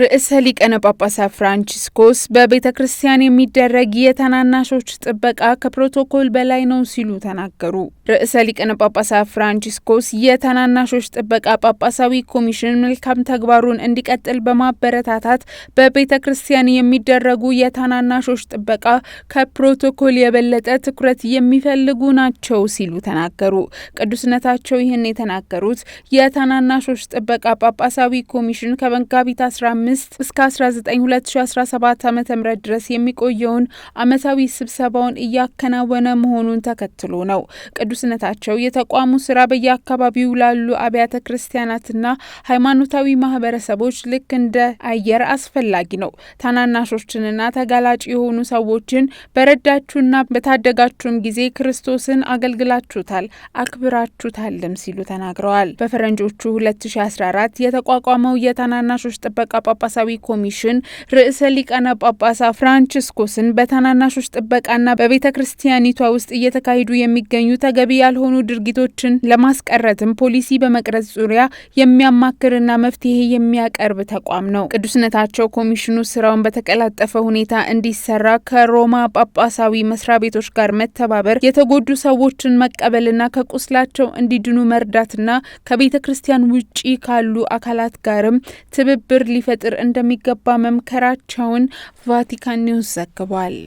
ርዕሰ ሊቀነ ጳጳሳት ፍራንቺስኮስ በቤተ ክርስቲያን የሚደረግ የታናናሾች ጥበቃ ከፕሮቶኮል በላይ ነው ሲሉ ተናገሩ። ርዕሰ ሊቀነ ጳጳሳት ፍራንቺስኮስ የታናናሾች ጥበቃ ጳጳሳዊ ኮሚሽን መልካም ተግባሩን እንዲቀጥል በማበረታታት በቤተ ክርስቲያን የሚደረጉ የታናናሾች ጥበቃ ከፕሮቶኮል የበለጠ ትኩረት የሚፈልጉ ናቸው ሲሉ ተናገሩ። ቅዱስነታቸው ይህን የተናገሩት የታናናሾች ጥበቃ ጳጳሳዊ ኮሚሽን ከመጋቢት 15 እስከ 19 2017 ዓ ም ድረስ የሚቆየውን ዓመታዊ ስብሰባውን እያከናወነ መሆኑን ተከትሎ ነው። ቅዱስነታቸው የተቋሙ ስራ በየአካባቢው ላሉ አብያተ ክርስቲያናትና ሃይማኖታዊ ማህበረሰቦች ልክ እንደ አየር አስፈላጊ ነው። ታናናሾችንና ተጋላጭ የሆኑ ሰዎችን በረዳችሁና በታደጋችሁም ጊዜ ክርስቶስን አገልግላችሁታል፣ አክብራችሁታልም ሲሉ ተናግረዋል። በፈረንጆቹ 2014 የተቋቋመው የታናናሾች ጥበቃ ጳጳሳዊ ኮሚሽን ርዕሰ ሊቃነ ጳጳሳ ፍራንችስኮስን በታናናሾች ጥበቃና በቤተ ክርስቲያኒቷ ውስጥ እየተካሄዱ የሚገኙ ተገቢ ያልሆኑ ድርጊቶችን ለማስቀረትም ፖሊሲ በመቅረጽ ዙሪያ የሚያማክርና መፍትሄ የሚያቀርብ ተቋም ነው። ቅዱስነታቸው ኮሚሽኑ ስራውን በተቀላጠፈ ሁኔታ እንዲሰራ ከሮማ ጳጳሳዊ መስሪያ ቤቶች ጋር መተባበር፣ የተጎዱ ሰዎችን መቀበልና ከቁስላቸው እንዲድኑ መርዳትና ከቤተ ክርስቲያን ውጪ ካሉ አካላት ጋርም ትብብር ሊፈጥ ሊፈጥር እንደሚገባ መምከራቸውን ቫቲካን ኒውስ ዘግቧል።